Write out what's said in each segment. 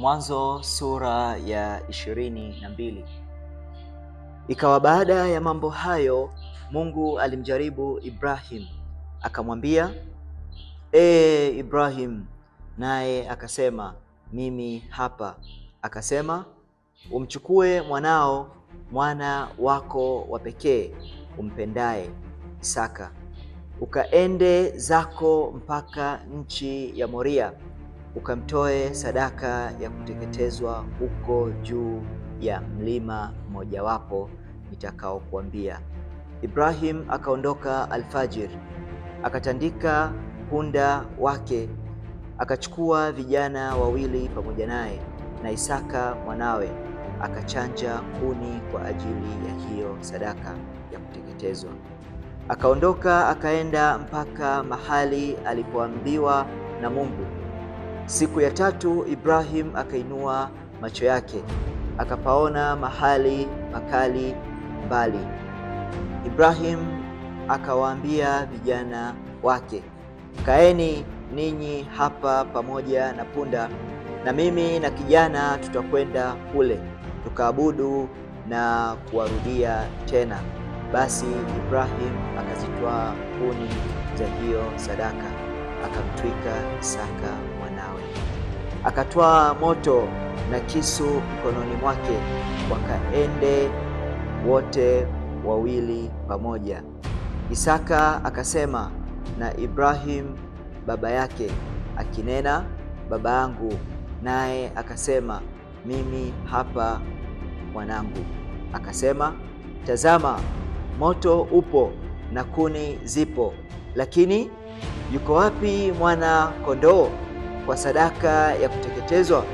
Mwanzo sura ya ishirini na mbili. Ikawa baada ya mambo hayo, Mungu alimjaribu Ibrahim akamwambia, e Ibrahim, naye akasema, mimi hapa. Akasema, umchukue mwanao, mwana wako wa pekee umpendaye, Isaka, ukaende zako mpaka nchi ya Moria ukamtoe sadaka ya kuteketezwa huko juu ya mlima mmojawapo nitakaokuambia. Ibrahim akaondoka alfajir akatandika punda wake, akachukua vijana wawili pamoja naye na Isaka mwanawe, akachanja kuni kwa ajili ya hiyo sadaka ya kuteketezwa. Akaondoka akaenda mpaka mahali alipoambiwa na Mungu Siku ya tatu Ibrahim akainua macho yake akapaona mahali makali mbali. Ibrahim akawaambia vijana wake, kaeni ninyi hapa pamoja na punda, na mimi na kijana tutakwenda kule tukaabudu na kuwarudia tena. Basi Ibrahim akazitwaa kuni za hiyo sadaka akamtwika Isaka akatwaa moto na kisu mkononi mwake, wakaende wote wawili pamoja. Isaka akasema na Ibrahimu baba yake akinena, baba yangu, naye akasema, mimi hapa mwanangu. Akasema, tazama moto upo na kuni zipo, lakini yuko wapi mwana kondoo? kwa sadaka ya kuteketezwa?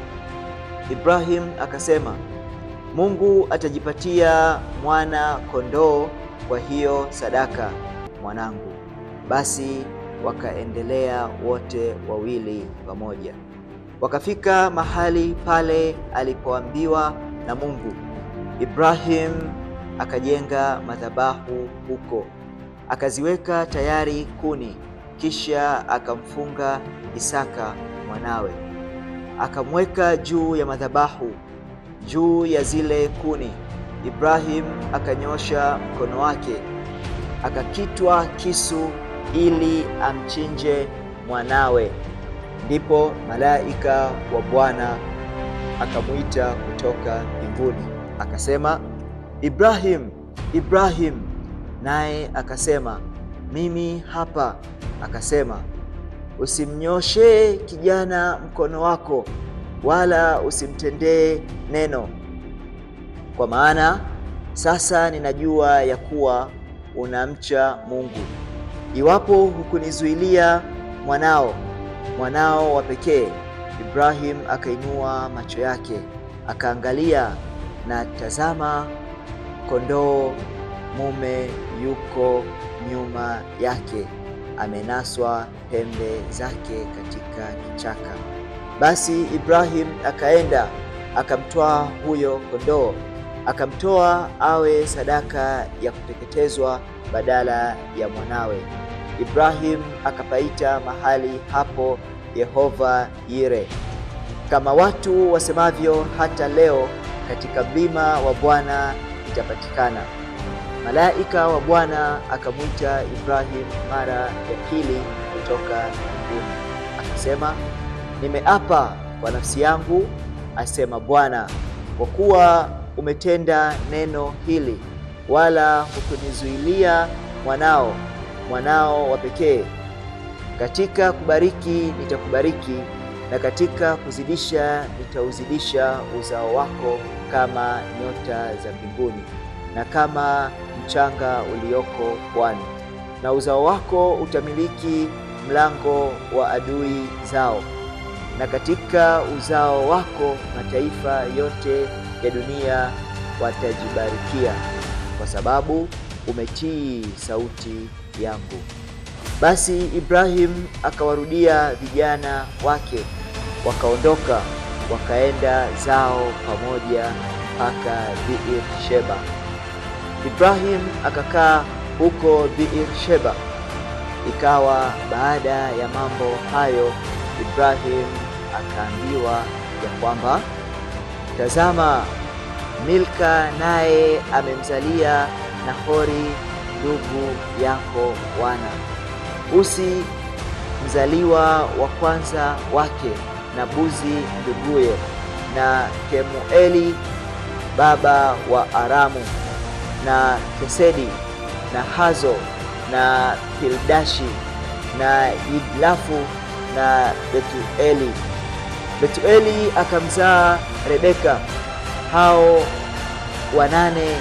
Ibrahim akasema Mungu atajipatia mwana kondoo kwa hiyo sadaka, mwanangu. Basi wakaendelea wote wawili pamoja, wakafika mahali pale alipoambiwa na Mungu. Ibrahim akajenga madhabahu huko, akaziweka tayari kuni, kisha akamfunga Isaka mwanawe, akamweka juu ya madhabahu, juu ya zile kuni. Ibrahimu akanyosha mkono wake, akakitwa kisu ili amchinje mwanawe. Ndipo malaika wa Bwana akamwita kutoka mbinguni akasema, Ibrahim, Ibrahim! Naye akasema, mimi hapa. Akasema, Usimnyoshee kijana mkono wako, wala usimtendee neno, kwa maana sasa ninajua ya kuwa unamcha Mungu. Iwapo hukunizuilia mwanao, mwanao wa pekee Ibrahim. Akainua macho yake akaangalia, na tazama, kondoo mume yuko nyuma yake amenaswa pembe zake katika kichaka. Basi Ibrahim akaenda akamtwaa huyo kondoo, akamtoa awe sadaka ya kuteketezwa badala ya mwanawe. Ibrahim akapaita mahali hapo Yehova Yire, kama watu wasemavyo hata leo, katika mlima wa Bwana itapatikana. Malaika wa Bwana akamwita Ibrahim mara ya pili kutoka mbinguni, akasema nimeapa kwa nafsi yangu, asema Bwana, kwa kuwa umetenda neno hili, wala hukunizuilia mwanao, mwanao wa pekee. Katika kubariki nitakubariki, na katika kuzidisha nitauzidisha uzao wako kama nyota za mbinguni na kama mchanga ulioko pwani, na uzao wako utamiliki mlango wa adui zao, na katika uzao wako mataifa yote ya dunia watajibarikia, kwa sababu umetii sauti yangu. Basi Ibrahimu akawarudia vijana wake, wakaondoka wakaenda zao pamoja mpaka Beer-sheba. Ibrahim akakaa huko Beer-sheba Ikawa baada ya mambo hayo, Ibrahim akaambiwa ya kwamba tazama, Milka naye amemzalia Nahori ndugu yako wana. Usi mzaliwa wa kwanza wake na Buzi nduguye na Kemueli baba wa Aramu na Kesedi na Hazo na Pildashi na Idlafu na Betueli. Betueli akamzaa Rebeka. Hao wanane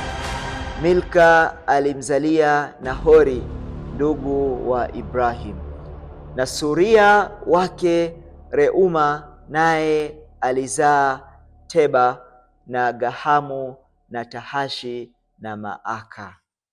Milka alimzalia Nahori ndugu wa Ibrahim, na suria wake Reuma naye alizaa Teba na Gahamu na Tahashi na Maaka.